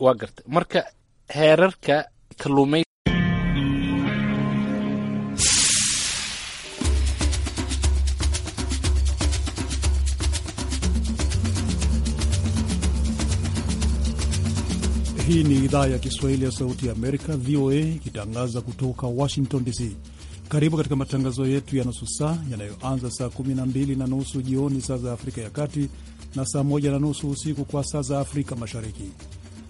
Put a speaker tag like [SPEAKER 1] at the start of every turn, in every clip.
[SPEAKER 1] waa garta marka heerarka kalluumay
[SPEAKER 2] Hii ni idhaa ya Kiswahili ya Sauti ya Amerika, VOA, ikitangaza kutoka Washington DC. Karibu katika matangazo yetu ya nusu saa yanayoanza saa 12 na nusu jioni saa za Afrika ya Kati na saa 1 na nusu usiku kwa saa za Afrika Mashariki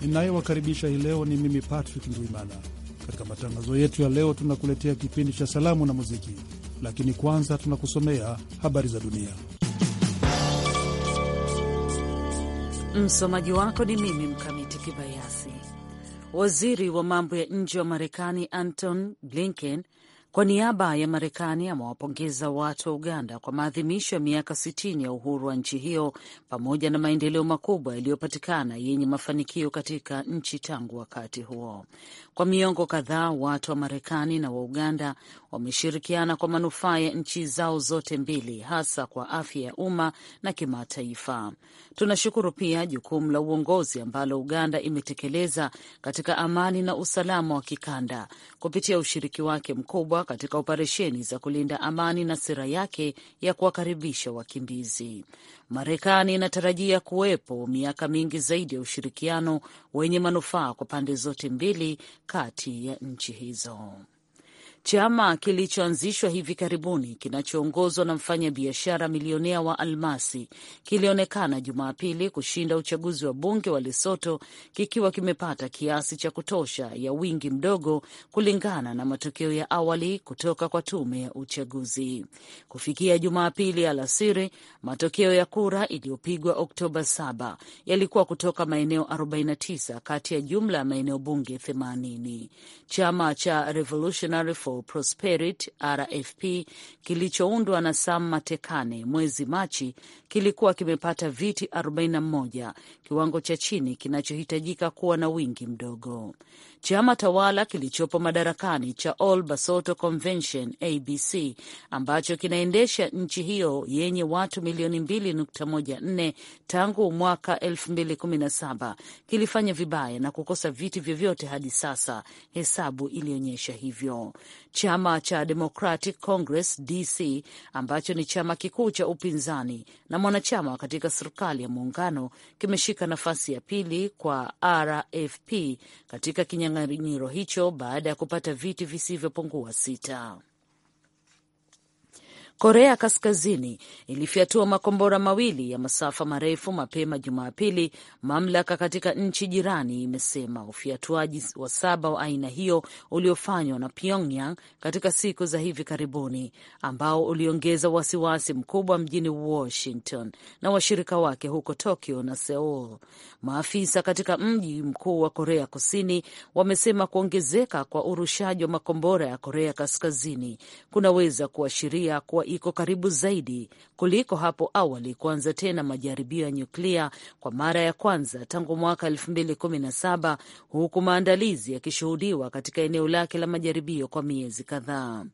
[SPEAKER 2] ninayewakaribisha hii leo ni mimi Patrick Ndwimana. Katika matangazo yetu ya leo, tunakuletea kipindi cha salamu na muziki, lakini kwanza tunakusomea habari za dunia.
[SPEAKER 3] Msomaji wako ni mimi Mkamiti Kibayasi. Waziri wa mambo ya nje wa Marekani Anton Blinken kwa niaba ya Marekani amewapongeza watu wa Uganda kwa maadhimisho ya miaka 60 ya uhuru wa nchi hiyo pamoja na maendeleo makubwa yaliyopatikana yenye mafanikio katika nchi tangu wakati huo. Kwa miongo kadhaa, watu wa Marekani na wa Uganda wameshirikiana kwa manufaa ya nchi zao zote mbili, hasa kwa afya ya umma na kimataifa. Tunashukuru pia jukumu la uongozi ambalo Uganda imetekeleza katika amani na usalama wa kikanda kupitia ushiriki wake mkubwa katika operesheni za kulinda amani na sera yake ya kuwakaribisha wakimbizi. Marekani inatarajia kuwepo miaka mingi zaidi ya ushirikiano wenye manufaa kwa pande zote mbili kati ya nchi hizo chama kilichoanzishwa hivi karibuni kinachoongozwa na mfanyabiashara milionea wa almasi kilionekana Jumapili kushinda uchaguzi wa bunge wa Lesoto kikiwa kimepata kiasi cha kutosha ya wingi mdogo kulingana na matokeo ya awali kutoka kwa tume ya uchaguzi. Kufikia Jumapili alasiri, matokeo ya kura iliyopigwa Oktoba 7 yalikuwa kutoka maeneo 49 kati ya jumla ya maeneo bunge 80. Chama cha Revolutionary Prosperity RFP kilichoundwa na Sam Matekane mwezi Machi kilikuwa kimepata viti 41, kiwango cha chini kinachohitajika kuwa na wingi mdogo. Chama tawala kilichopo madarakani cha All Basotho Convention ABC ambacho kinaendesha nchi hiyo yenye watu milioni 2.14 tangu mwaka 2017 kilifanya vibaya na kukosa viti vyovyote hadi sasa, hesabu ilionyesha hivyo chama cha Democratic Congress DC ambacho ni chama kikuu cha upinzani na mwanachama katika serikali ya muungano kimeshika nafasi ya pili kwa RFP katika kinyang'anyiro hicho baada ya kupata viti visivyopungua sita. Korea Kaskazini ilifyatua makombora mawili ya masafa marefu mapema Jumapili, mamlaka katika nchi jirani imesema. Ufyatuaji wa saba wa aina hiyo uliofanywa na Pyongyang katika siku za hivi karibuni, ambao uliongeza wasiwasi mkubwa mjini Washington na washirika wake huko Tokyo na Seoul. Maafisa katika mji mkuu wa Korea Kusini wamesema kuongezeka kwa urushaji wa makombora ya Korea Kaskazini kunaweza kuashiria kuwa iko karibu zaidi kuliko hapo awali kuanza tena majaribio ya nyuklia kwa mara ya kwanza tangu mwaka 2017 huku maandalizi yakishuhudiwa katika eneo lake la majaribio kwa miezi kadhaa.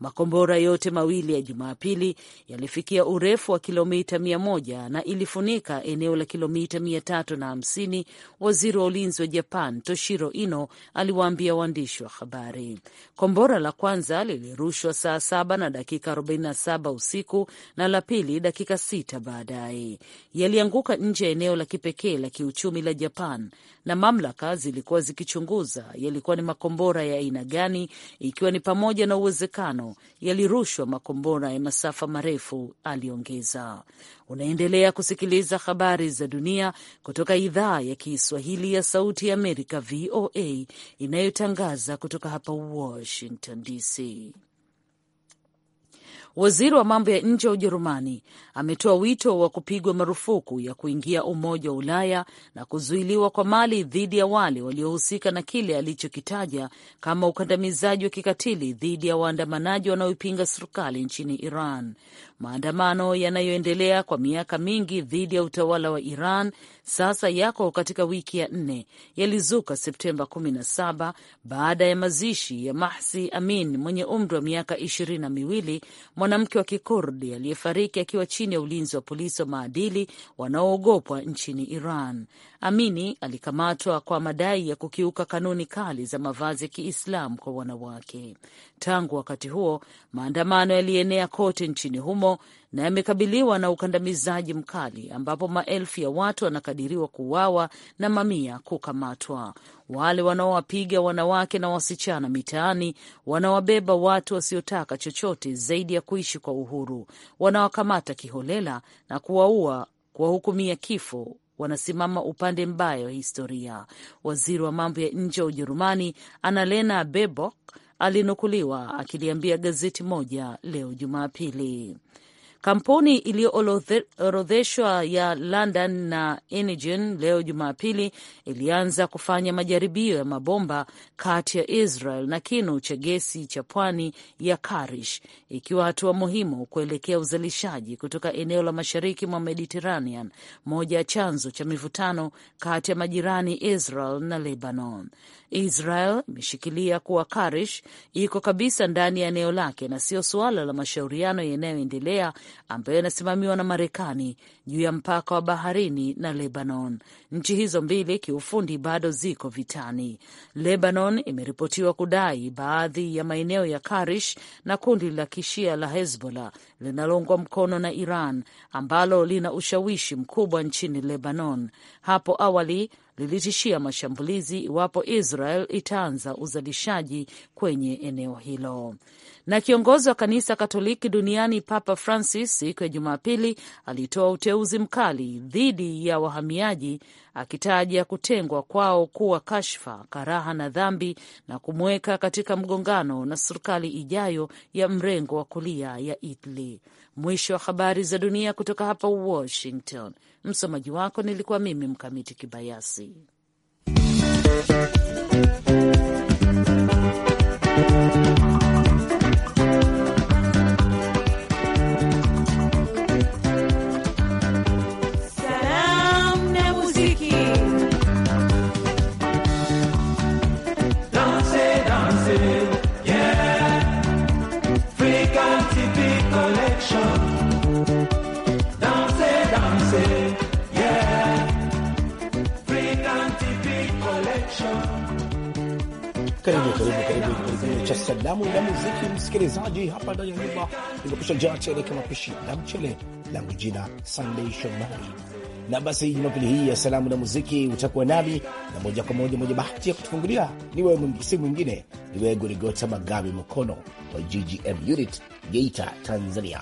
[SPEAKER 3] Makombora yote mawili ya Jumapili yalifikia urefu wa kilomita 100 na ilifunika eneo la kilomita 350, waziri wa ulinzi wa Japan Toshiro Ino aliwaambia waandishi wa habari. Kombora la kwanza lilirushwa saa saba na dakika saba usiku na la pili dakika sita baadaye. Yalianguka nje ya eneo la kipekee la kiuchumi la Japan na mamlaka zilikuwa zikichunguza yalikuwa ni makombora ya aina gani, ikiwa ni pamoja na uwezekano yalirushwa makombora ya masafa marefu, aliongeza. Unaendelea kusikiliza habari za dunia kutoka idhaa ya Kiswahili ya Sauti ya Amerika, VOA, inayotangaza kutoka hapa Washington DC. Waziri wa mambo ya nje wa Ujerumani ametoa wito wa kupigwa marufuku ya kuingia Umoja wa Ulaya na kuzuiliwa kwa mali dhidi ya wale waliohusika na kile alichokitaja kama ukandamizaji wa kikatili dhidi ya waandamanaji wanaoipinga serikali nchini Iran. Maandamano yanayoendelea kwa miaka mingi dhidi ya utawala wa Iran sasa yako katika wiki ya nne, yalizuka Septemba 17 baada ya mazishi ya Mahsi Amin mwenye umri wa miaka ishirini na miwili, mwanamke wa Kikurdi aliyefariki akiwa chini ya ulinzi wa polisi wa maadili wanaoogopwa nchini Iran. Amini alikamatwa kwa madai ya kukiuka kanuni kali za mavazi ya Kiislamu kwa wanawake. Tangu wakati huo maandamano yalienea kote nchini humo na yamekabiliwa na ukandamizaji mkali, ambapo maelfu ya watu wanakadiriwa kuuawa na mamia kukamatwa. Wale wanaowapiga wanawake na wasichana mitaani, wanawabeba watu wasiotaka chochote zaidi ya kuishi kwa uhuru, wanawakamata kiholela na kuwaua, kuwahukumia kifo wanasimama upande mbaya wa historia. Waziri wa mambo ya nje wa Ujerumani Annalena Baerbock alinukuliwa akiliambia gazeti moja leo Jumapili. Kampuni iliyoorodheshwa ya London na Energen leo Jumapili ilianza kufanya majaribio ya mabomba kati ya Israel na kinu cha gesi cha pwani ya Karish, ikiwa hatua muhimu kuelekea uzalishaji kutoka eneo la mashariki mwa Mediterranean, moja ya chanzo cha mivutano kati ya majirani Israel na Lebanon. Israel imeshikilia kuwa Karish iko kabisa ndani ya eneo lake na sio suala la mashauriano yanayoendelea ambayo yanasimamiwa na Marekani juu ya mpaka wa baharini na Lebanon. Nchi hizo mbili kiufundi bado ziko vitani. Lebanon imeripotiwa kudai baadhi ya maeneo ya Karish na kundi la kishia la Hezbollah linaloungwa mkono na Iran ambalo lina ushawishi mkubwa nchini Lebanon. Hapo awali lilitishia mashambulizi iwapo Israel itaanza uzalishaji kwenye eneo hilo na kiongozi wa kanisa Katoliki duniani Papa Francis siku ya Jumapili alitoa uteuzi mkali dhidi ya wahamiaji, akitaja kutengwa kwao kuwa kashfa, karaha na dhambi, na kumweka katika mgongano na serikali ijayo ya mrengo wa kulia ya Italy. Mwisho wa habari za dunia kutoka hapa Washington. Msomaji wako nilikuwa mimi Mkamiti Kibayasi.
[SPEAKER 1] msikilizaji, hapa ndani ya nyumba nikupisha jaa tele kama pishi la mchele langu. Jina Sunday Shomari, na basi jumapili hii ya salamu na muziki utakuwa nami na moja kwa moja. Mwenye bahati ya kutufungulia ni wewe, si mwingine ni wewe Gorigota Magabi Mkono wa GGM Unit, Geita, Tanzania.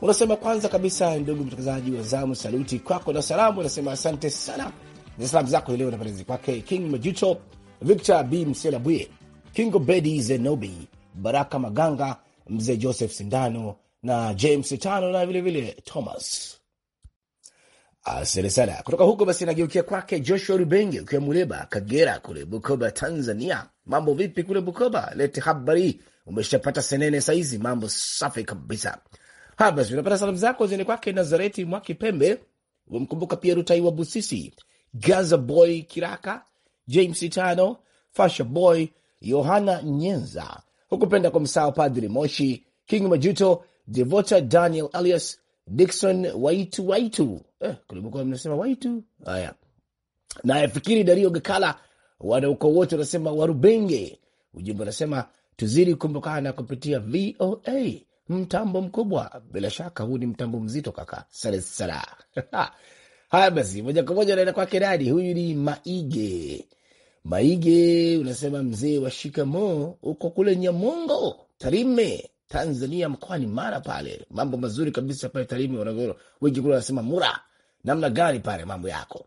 [SPEAKER 1] Unasema kwanza kabisa, ndugu mtangazaji wa zamu, saluti kwako na salamu. Unasema asante sana na salamu zako leo na parezi kwake King Majuto, Victor B Mselabwe, Kingo Bedi Zenobi Baraka Maganga, mzee Joseph Sindano na James Tano na vilevile vile Thomas. Asante ah, sana kutoka huko. Basi nageukia kwake Joshua Rubenge ukiwa Muleba, Kagera kule Bukoba, Tanzania. Mambo vipi kule Bukoba? Lete habari, umeshapata senene saizi? Mambo safi kabisa. Haya basi, unapata salamu zako ziende kwake Nazareti Mwaki Pembe, umemkumbuka pia Rutai wa Busisi, Gaza Boy Kiraka, James Tano, Fasha Boy, Yohana Nyenza huku penda kwa msaa wa Padri Moshi, King Majuto, Devota Daniel Elias, Dikson Waitu Waitu, eh, kulikuwa mnasema Waitu haya, naye Fikiri Dario Gakala, wanaukoo wote wanasema Warubenge. Ujumbe unasema tuzidi kukumbukana kupitia VOA mtambo mkubwa. Bila shaka huu ni mtambo mzito kaka Salesala. Haya basi, moja kwa moja naenda kwake Dadi. Huyu ni Maige Maige unasema mzee wa shikamo uko kule Nyamongo, Tarime, Tanzania, mkoani Mara pale. Mambo mazuri kabisa pale Tarime, wanagoro Wengi kule wanasema mura, namna gani pale mambo yako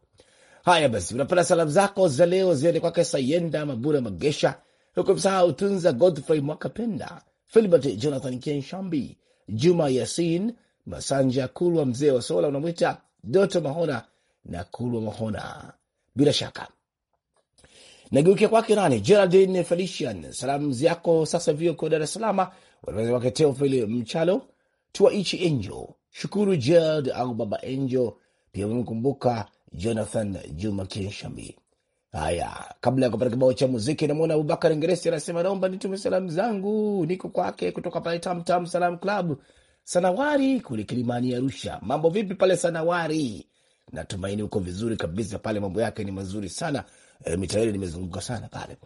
[SPEAKER 1] haya? Basi unapenda salamu zako za leo ziende kwake Sayenda Mabura Magesha, huku msahau Tunza Godfrey Mwakapenda, Filibert Jonathan Kenshambi, Juma Yasin Masanja Kulwa, mzee wa Sola unamwita Doto Mahona na Kulwa Mahona, bila shaka Nageukia kwake nani, Geraldine Felician, salamu zako sasa vio kwa Dar es Salaam, watangazaji wake Teofil Mchalo, Tuwaichi Angel, Shukuru Gerald au Baba Angel, pia umemkumbuka Jonathan Juma Kenshambi. Haya, kabla ya kupata kibao cha muziki, namwona Abubakar Ngeresi anasema naomba nitume salamu zangu, niko kwake kutoka pale Tamtam Salam Club Sanawari kule Kilimani, Arusha. Mambo vipi pale Sanawari? Natumaini uko vizuri kabisa pale, mambo yake ni mazuri sana e, eh, mitaeli nimezunguka sana pale.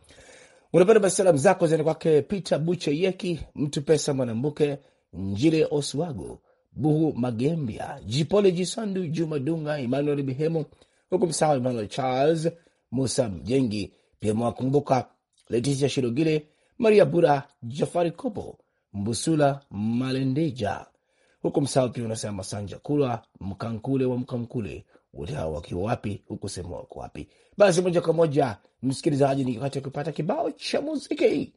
[SPEAKER 1] Unapenda basi, salamu zako ziende kwake Peter Yeki, mtu pesa Mwanambuke, Njire Oswago, Buhu Magembia, Jipole Jisandu, Juma Dunga, Emmanuel Bihemo, huku msawa Emmanuel Charles, Musa Mjengi, pia mwakumbuka Leticia Shirogile, Maria Bura, Jafari Kopo, Mbusula Malendeja, huku msawa pia unasema Sanja Kula Mkankule wa Mkankule wote hao wakiwa wapi, huku sehemu wako wapi. Basi moja kwa moja, msikilizaji, ni wakati wa kupata kibao cha muziki.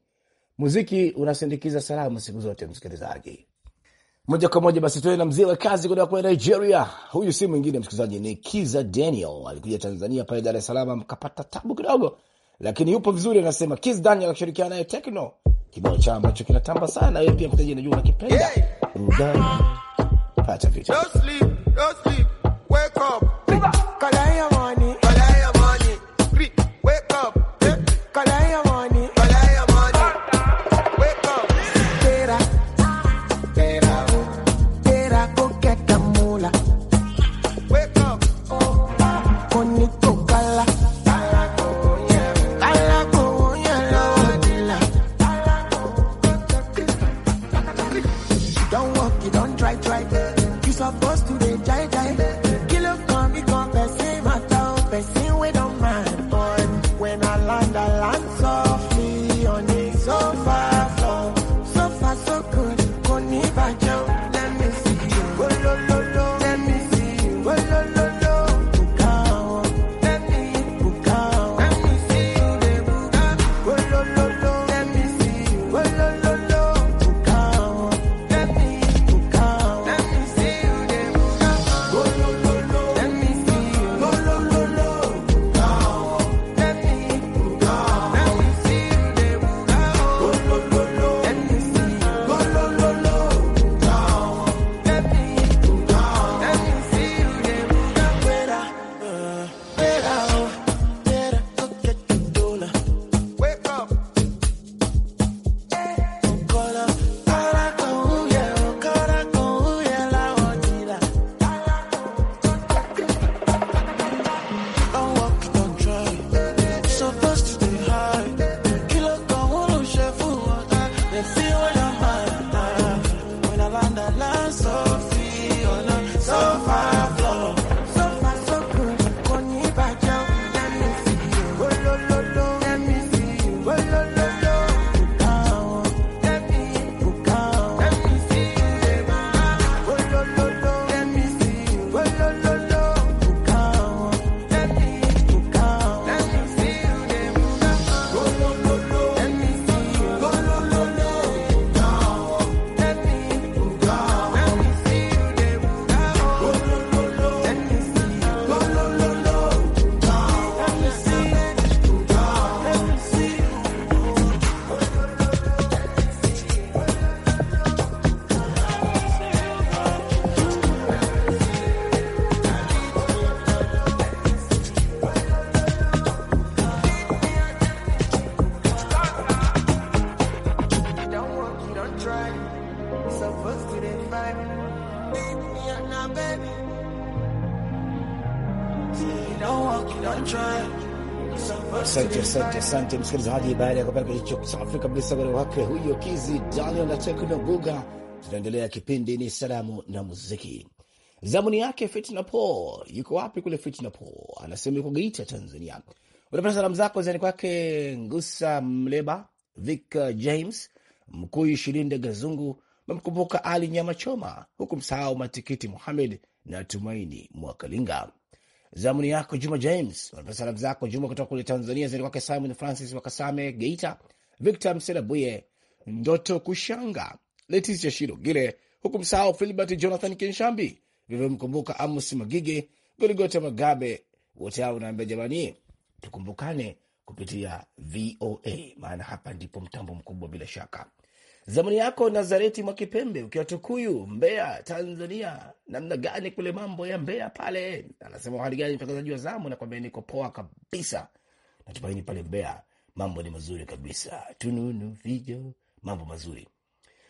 [SPEAKER 1] Muziki unasindikiza salamu siku zote, msikilizaji. Moja kwa moja basi tuende na mzee wa kazi kutoka kwa Nigeria. Huyu si mwingine msikilizaji, ni Kiza Daniel. Alikuja Tanzania pale Dar es Salaam, mkapata tabu kidogo, lakini yupo vizuri. Anasema Kiz Daniel akishirikiana naye Tekno, kibao chao ambacho kinatamba sana. Wewe pia mtaji, najua unakipenda. Don't sleep, don't sleep,
[SPEAKER 4] wake up money. money. Wake up.
[SPEAKER 1] don't try. You're supposed to the fight. Baby, you're not
[SPEAKER 4] baby. See, you don't walk, you Asante, asante,
[SPEAKER 1] asante msikilizaji. Baada ya kupata hicho safi kabisa kutoka kwake huyo Kizi Daniel na Tekno Buga, tunaendelea kipindi ni salamu na muziki. Zamuni yake Fitna Paul yuko wapi? Kule Fitna Paul anasema yuko Geita, Tanzania. Unapata salamu zako zani kwake Ngusa Mleba, Vic James, Mkuyu Shilinde Gazungu memkumbuka Ali Nyama Choma, huku msahau Matikiti Muhamed na Tumaini Mwakalinga. Zamuni yako Juma James wanapea salamu zako Juma kutoka kule Tanzania, zaidi kwake Simon Francis Wakasame Geita, Victor Mselabuye, Ndoto Kushanga, Leticia Shirogile, huku msahau Filibert Jonathan Kinshambi, vilivyomkumbuka Amos Magige, Goligota Magabe, wote hao unaambia jamani, tukumbukane kupitia VOA maana hapa ndipo mtambo mkubwa bila shaka zamani yako Nazareti mwa Kipembe ukiwa Tukuyu, Mbeya, Tanzania. Namna gani kule mambo ya Mbeya pale? Anasema hali gani mtangazaji wa zamu? Nakwambia niko poa kabisa, natumaini pale Mbeya mambo ni mazuri kabisa, tununu vijo, mambo mazuri.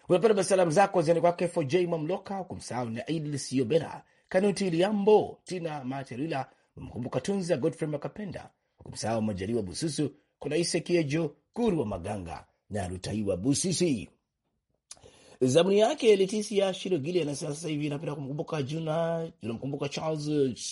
[SPEAKER 1] Unapenda salamu zako ziani kwake FJ Mamloka, kumsahau na Idil Siobera, Kanuti Liambo, Tina Materila, umkumbuka Tunza Godfrey Makapenda, kumsahau Majaliwa Bususu, kuna Isekiejo Kuru wa Maganga na Rutaiwa Busisi. Zabuni yake Letisia Shirogile anasema sasa hivi napenda kumkumbuka Juna, tunamkumbuka Charles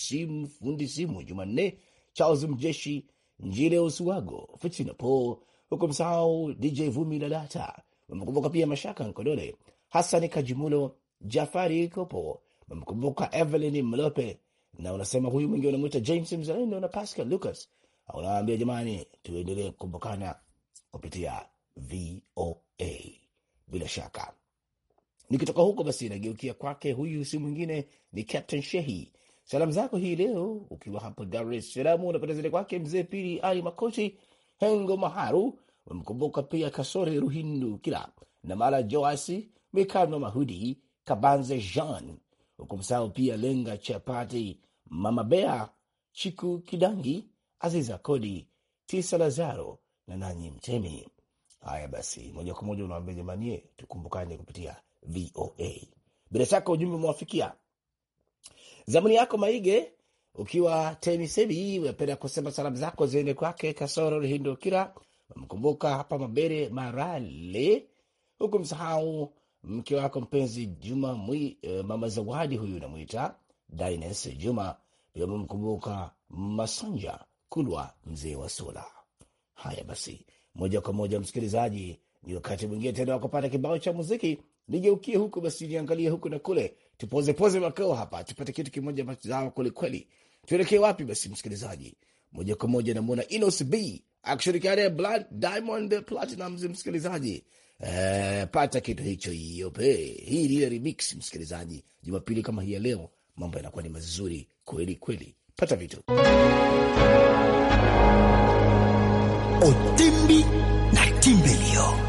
[SPEAKER 1] Sim, fundi simu Jumanne, Charles Mjeshi, Njile Usuwago, Fitina Paul, huku msahau DJ Vumi Lalata, Wamkumbuka pia Mashaka Nkodole, Hasani Kajimulo, Jafari Kopo, wamkumbuka Evelyn Mlope na unasema huyu mwingi unamwita James Mzalendo na Pascal Lucas. Unawaambia jamani, tuendelee kukumbukana kupitia VOA bila shaka Nikitoka huko basi nageukia kwake, huyu si mwingine ni Captain Shehi. Salamu zako hii leo ukiwa hapa Dar es Salaam unapenda zile kwake mzee Pili Ali Makoti, Hengo Maharu, umemkumbuka pia Kasore Ruhindu Kila na Mala Joasi, Mikano Mahudi, Kabanze Jean, ukumsahau pia Lenga Chapati, Mama Bea, Chiku Kidangi, Aziza Kodi, Tisa Lazaro na nanyi Mtemi. Haya basi, moja kwa moja unawambia jamanie, tukumbukane kupitia VOA. Bila shaka ujumbe umewafikia. Zamani yako Maige ukiwa Temisebi, unapenda kusema salamu zako ziende kwake Kasoro Hindokira, mkumbuka hapa Mabere Marale, huku msahau mke wako mpenzi Juma mwi, e, mama Zawadi, huyu namwita Dines Juma, pia amemkumbuka Masanja Kulwa, mzee wa Sola. Haya basi, moja kwa moja msikilizaji, ni wakati mwingine tena wa kupata kibao cha muziki nigeukie huku basi, niangalie huku na kule, tupozepoze makao hapa, tupate kitu kimoja kweli kwelikweli. Tuelekee wapi basi, msikilizaji? Moja kwa moja namwona Inos B akishirikiana Blood Diamond Platnumz. Msikilizaji eh, pata kitu hicho yope. Hii lile remix, msikilizaji, Jumapili kama hii ya leo mambo yanakuwa ni mazuri kweli kweli, pata vitu otimbi na Timbelio.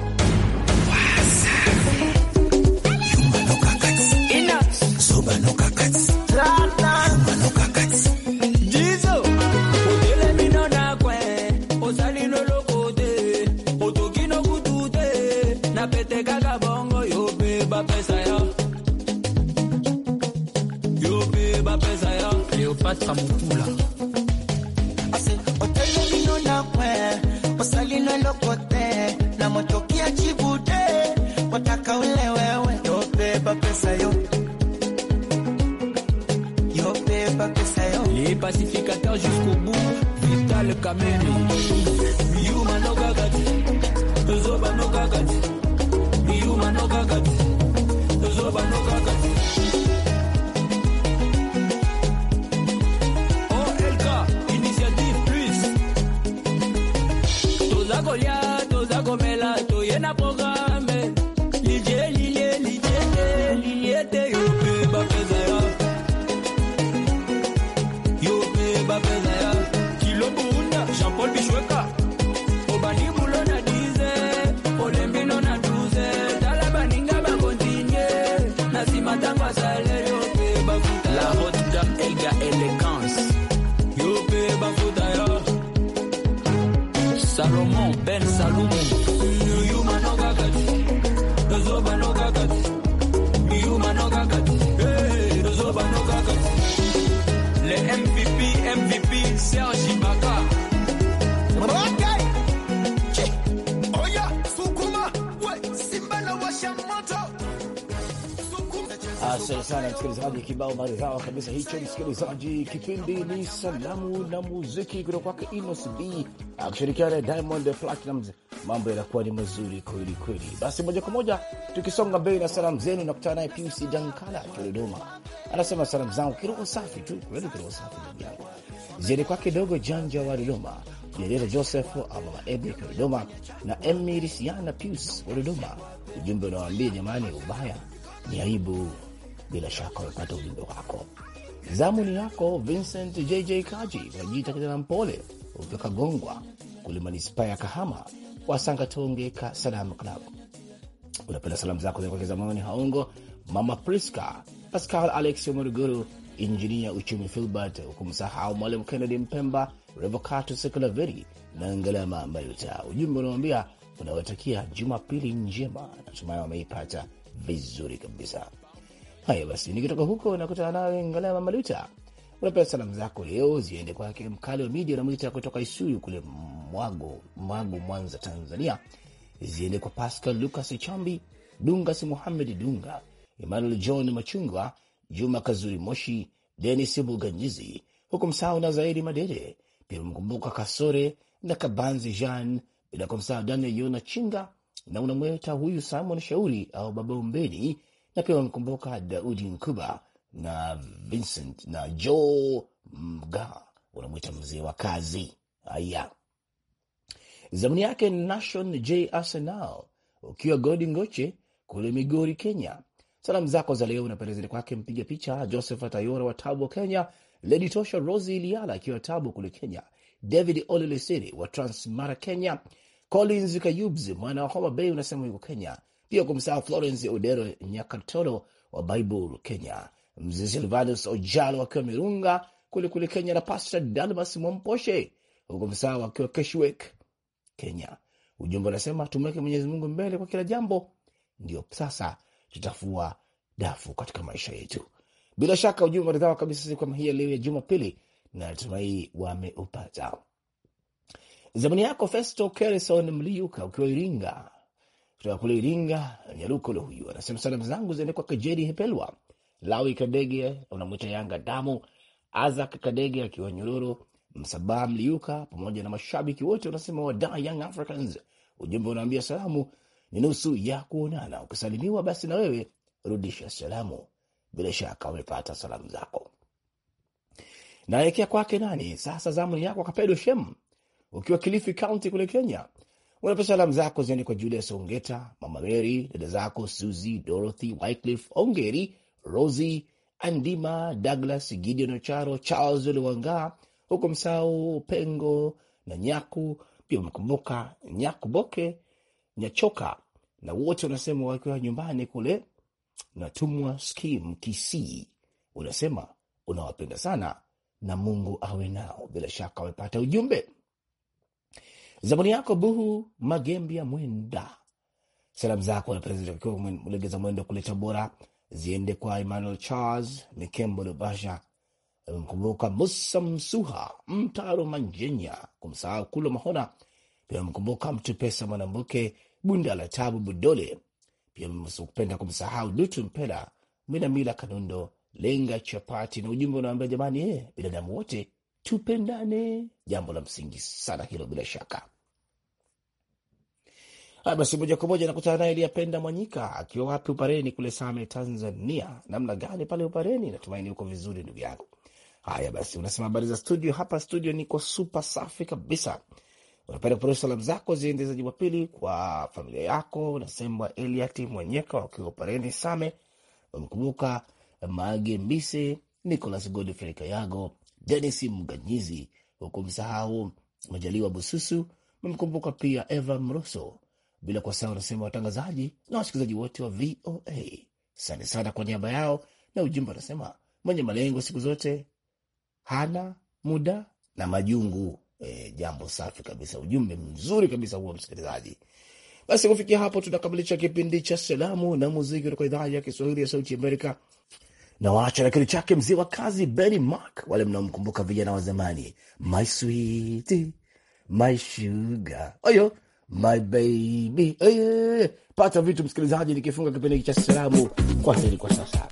[SPEAKER 4] Cleopatra Mukula ase otelelino nakwe osalino lokote na motokia chibude wataka jusqu'au bout Vital Kamerhe yuma nogagati
[SPEAKER 1] sana msikilizaji, kibao maridhawa kabisa hicho. Msikilizaji, kipindi ni salamu na muziki kutoka kwake Inos B akishirikiana na Diamond Platnumz. Mambo yanakuwa ni mazuri kweli kweli. Basi moja kwa moja tukisonga mbele na salamu zenu, nakutana naye Piusi Dankala akiwa Dodoma, anasema salamu zangu kiroho safi tu, kweli kiroho safi ndugu yangu, ziende kwake dogo janja wa Dodoma, Jenera Joseph Amama Ebe kwa Dodoma na Emirisiana Risiana Pius wa Dodoma. Ujumbe unawaambia jamani, ubaya ni aibu bila shaka wamepata ujumbe wako. Zamu ni yako Vincent JJ Kaji, unajiita kijana mpole uvyoka gongwa kule manispaa ya Kahama, Wasangatonge ka Salam Club. Unapenda salamu zako zakuekeza moyoni Haongo, Mama Priska, Pascal Alex Morogoro, Injinia Uchumi Filbert, ukumsahau Mwalimu Kennedy Mpemba, Revocato Sekulaveri na Ngalama Mayuta. Ujumbe unawambia unawatakia Jumapili njema, natumai wameipata vizuri kabisa. Haya basi, nikitoka huko nakutana nawe Ngalama Maluta, unapea salamu zako leo ziende kwake mkali wa media, unamwita kutoka Isuyu kule Mwago, Mwago, Mwanza, Tanzania, ziende kwa Pascal Lucas Chambi Dungas, Muhamed Dunga, Emmanuel John Machungwa, Juma Kazuri Moshi, Denis Buganyizi, huku msahau na Zaidi Madede, pia mkumbuka Kasore na Kabanzi Jean, bila kumsahau Daniel Yona Chinga, na unamweta huyu Simon Shauri au Baba Umbeni na pia wamekumbuka Daudi Nkuba na Vincent na Joe Mga, unamwita mzee wa kazi. Haya, zamani yake Nation J Arsenal, ukiwa Godi Ngoche kule Migori, Kenya. Salamu zako za leo unapendezeni kwake mpiga picha Joseph Atayora wa Tabo, Kenya, Lady Tosha Rosi Iliala akiwa Tabo kule Kenya, David Olelesiri wa Transmara, Kenya, Collins Kayubs mwana wa Homa Bay unasema yuko Kenya, pia kumsaa Florence Odero Nyakatoro wa Baibul Kenya, mzizi Silvanus Ojalo wakiwa Mirunga kulikuli Kenya na Pastor Dalmas Mwamposhe huku msaa wakiwa Keshwek Kenya. Ujumbe unasema tumweke Mwenyezi Mungu mbele kwa kila jambo, ndio sasa tutafua dafu katika maisha yetu. Bila shaka ujumbe maridhawa kabisa siku kama hii ya leo ya Jumapili, na natumai wameupata. Zamani yako Festo Kerison Mliuka ukiwa Iringa kutoka kule Iringa, Nyaruko lo huyu anasema salamu zangu ziende kwa Kajeri Hepelwa, Lawi Kadege, unamwita Yanga damu, Azak Kadege akiwa Nyororo, Msabaha Mliuka pamoja na mashabiki wote wanasema wada Young Africans. Ujumbe unaambia salamu ni nusu ya kuonana, ukisalimiwa basi na wewe rudisha salamu. Bila shaka umepata salamu zako, naelekea kwake nani sasa. Zamu yako Kapedo Shem ukiwa Kilifi County kule Kenya unapea salamu zako ziende kwa Julius Ongeta, Mama mary dada zako Suzi, Dorothy, Wycliffe Ongeri, Rosi Andima, Douglas Gideon Ocharo, Charles Oliwanga, huko Msau Pengo na Nyaku. Pia wamekumbuka Nyakuboke Nyachoka na wote wanasema wakiwa nyumbani kule Natumwa Skim Kisii, unasema unawapenda sana na Mungu awe nao. Bila shaka wamepata ujumbe. Zamuni yako Buhu Magembia Mwenda, salamu zako na legeza mwendo kule Tabora ziende kwa Emmanuel Charles Mikembo Lubasha, amemkumbuka Musa Msuha Mtaro Manjenya, kumsahau Kulo Mahona, pia amemkumbuka Mtu Pesa Mwanambuke Bunda la Tabu Budole, pia kupenda kumsahau Dutu Mpela Minamila Kanundo Lenga Chapati, na ujumbe unaambia jamani, ee binadamu wote tupendane, jambo la msingi sana hilo bila shaka. Haya basi, moja kwa moja nakutana naye Liyapenda Mwanyika akiwa wapi? Upareni kule Same, Tanzania. Namna gani pale Upareni? Natumaini uko vizuri ndugu yangu. Haya basi, unasema habari za studio? Hapa studio niko supa safi kabisa. Unapenda kuperusha salamu zako ziende za Jumapili kwa familia yako, unasemwa Eliati Mwanyeka wakiwa Upareni Same, wamkumbuka Mage Mbise, Nicolas Godfrey Kayago Denis Mganyizi, huku msahau Majaliwa Bususu, memkumbuka pia Eva Mroso, bila sawa anasema watangazaji na wasikilizaji wote wa VOA. Asante sana kwa niaba yao, na ujumbe anasema mwenye malengo siku zote hana muda na majungu. E, jambo safi kabisa, ujumbe mzuri kabisa huo msikilizaji. Basi kufikia hapo tunakamilisha kipindi cha salamu na muziki kutoka idhaa ya Kiswahili ya Sauti Amerika na waacha na kitu chake mzee wa kazi Benny Mark, wale mnaomkumbuka vijana wa zamani, my sweet my sugar oyo my baby oyo. Pata vitu msikilizaji, nikifunga kipindi hiki cha salamu. kwa heri kwa sasa.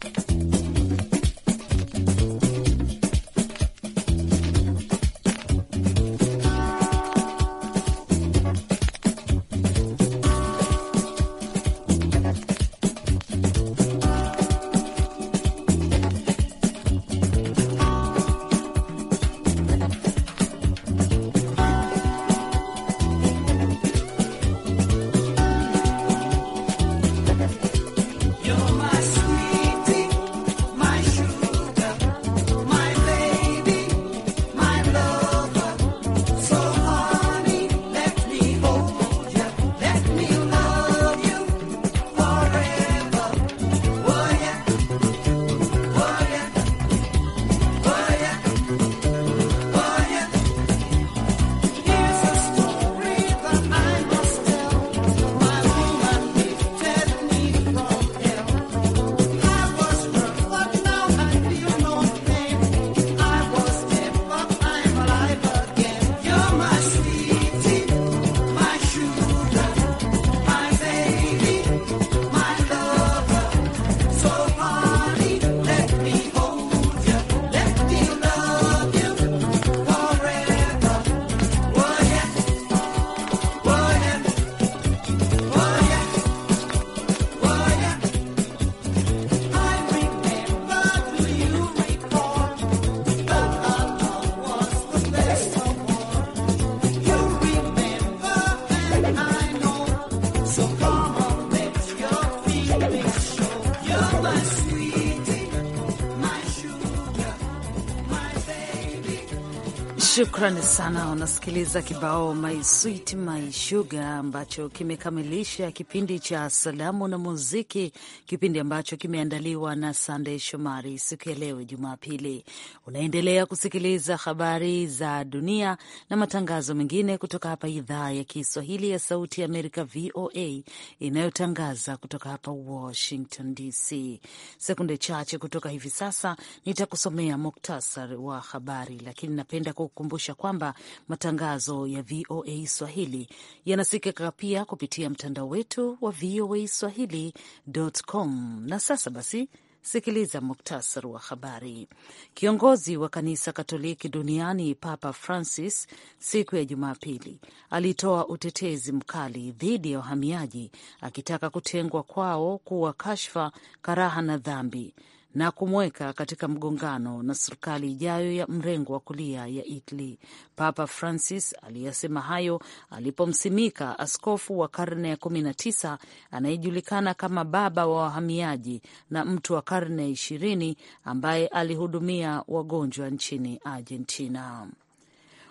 [SPEAKER 3] Shukrani sana. Unasikiliza kibao My Sweet My Sugar ambacho kimekamilisha kipindi cha salamu na muziki, kipindi ambacho kimeandaliwa na Sandey Shomari siku ya leo Jumapili. Unaendelea kusikiliza habari za dunia na matangazo mengine kutoka hapa idhaa ya Kiswahili ya Sauti ya Amerika, VOA, inayotangaza kutoka hapa Washington DC. Sekunde chache kutoka hivi sasa nitakusomea muktasari wa habari, lakini napenda kukumbusha kuhakikisha kwamba matangazo ya VOA Swahili yanasikika pia kupitia mtandao wetu wa VOA Swahili.com. Na sasa basi Sikiliza muktasari wa habari. Kiongozi wa kanisa Katoliki duniani Papa Francis siku ya Jumapili alitoa utetezi mkali dhidi ya wahamiaji, akitaka kutengwa kwao kuwa kashfa, karaha na dhambi na kumweka katika mgongano na serikali ijayo ya mrengo wa kulia ya Italy. Papa Francis aliyasema hayo alipomsimika askofu wa karne ya 19 anayejulikana kama baba wa wahamiaji na mtu wa karne ya ishirini ambaye alihudumia wagonjwa nchini Argentina.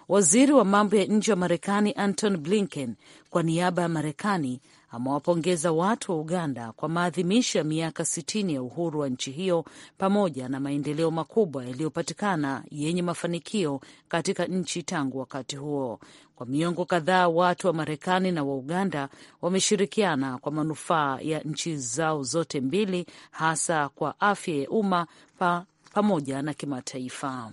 [SPEAKER 3] Waziri wa mambo ya nje wa Marekani Anton Blinken kwa niaba ya Marekani amewapongeza watu wa Uganda kwa maadhimisho ya miaka 60 ya uhuru wa nchi hiyo pamoja na maendeleo makubwa yaliyopatikana yenye mafanikio katika nchi tangu wakati huo. Kwa miongo kadhaa watu wa Marekani na wa Uganda wameshirikiana kwa manufaa ya nchi zao zote mbili, hasa kwa afya ya umma pa, pamoja na kimataifa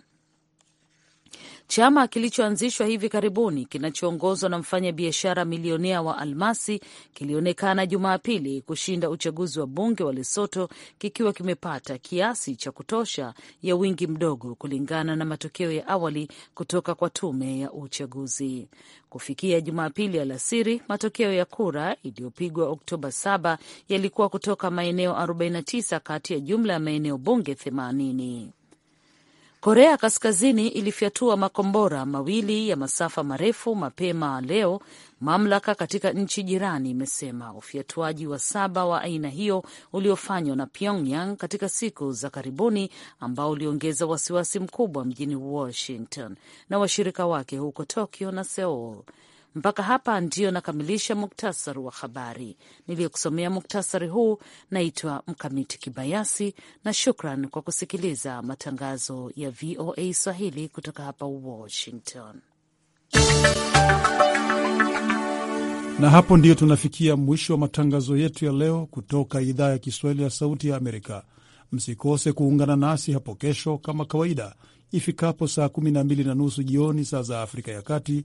[SPEAKER 3] chama kilichoanzishwa hivi karibuni kinachoongozwa na mfanyabiashara milionea wa almasi kilionekana Jumapili kushinda uchaguzi wa bunge wa Lesoto kikiwa kimepata kiasi cha kutosha ya wingi mdogo kulingana na matokeo ya awali kutoka kwa tume ya uchaguzi. Kufikia Jumapili alasiri, matokeo ya kura iliyopigwa Oktoba 7 yalikuwa kutoka maeneo 49 kati ya jumla ya maeneo bunge 80. Korea Kaskazini ilifyatua makombora mawili ya masafa marefu mapema leo, mamlaka katika nchi jirani imesema. Ufyatuaji wa saba wa aina hiyo uliofanywa na Pyongyang katika siku za karibuni, ambao uliongeza wasiwasi mkubwa mjini Washington na washirika wake huko Tokyo na Seoul. Mpaka hapa ndiyo nakamilisha muktasari wa habari niliyokusomea. Muktasari huu naitwa Mkamiti Kibayasi, na shukran kwa kusikiliza matangazo ya VOA Swahili kutoka hapa Washington.
[SPEAKER 2] Na hapo ndiyo tunafikia mwisho wa matangazo yetu ya leo kutoka idhaa ya Kiswahili ya Sauti ya Amerika. Msikose kuungana nasi hapo kesho kama kawaida ifikapo saa 12 na nusu jioni saa za Afrika ya Kati